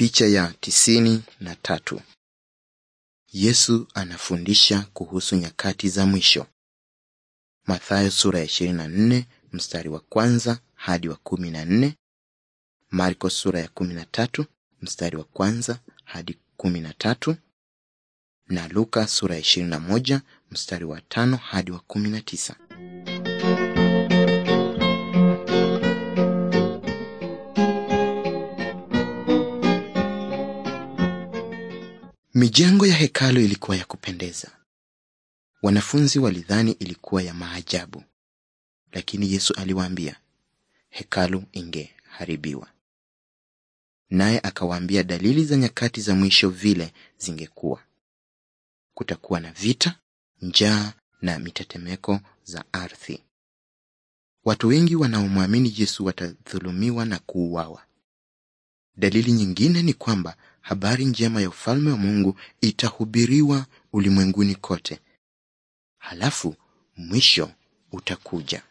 Picha ya tisini na tatu. Yesu anafundisha kuhusu nyakati za mwisho. Mathayo sura ya 24 mstari wa kwanza hadi wa 14, Marko sura ya 13 mstari wa kwanza hadi 13 na Luka sura ya 21 mstari wa tano hadi wa 19. Mijengo ya hekalu ilikuwa ya kupendeza. Wanafunzi walidhani ilikuwa ya maajabu, lakini Yesu aliwaambia hekalu ingeharibiwa, naye akawaambia dalili za nyakati za mwisho vile zingekuwa: kutakuwa na vita, njaa na mitetemeko za ardhi. Watu wengi wanaomwamini Yesu watadhulumiwa na kuuawa. Dalili nyingine ni kwamba habari njema ya ufalme wa Mungu itahubiriwa ulimwenguni kote, halafu mwisho utakuja.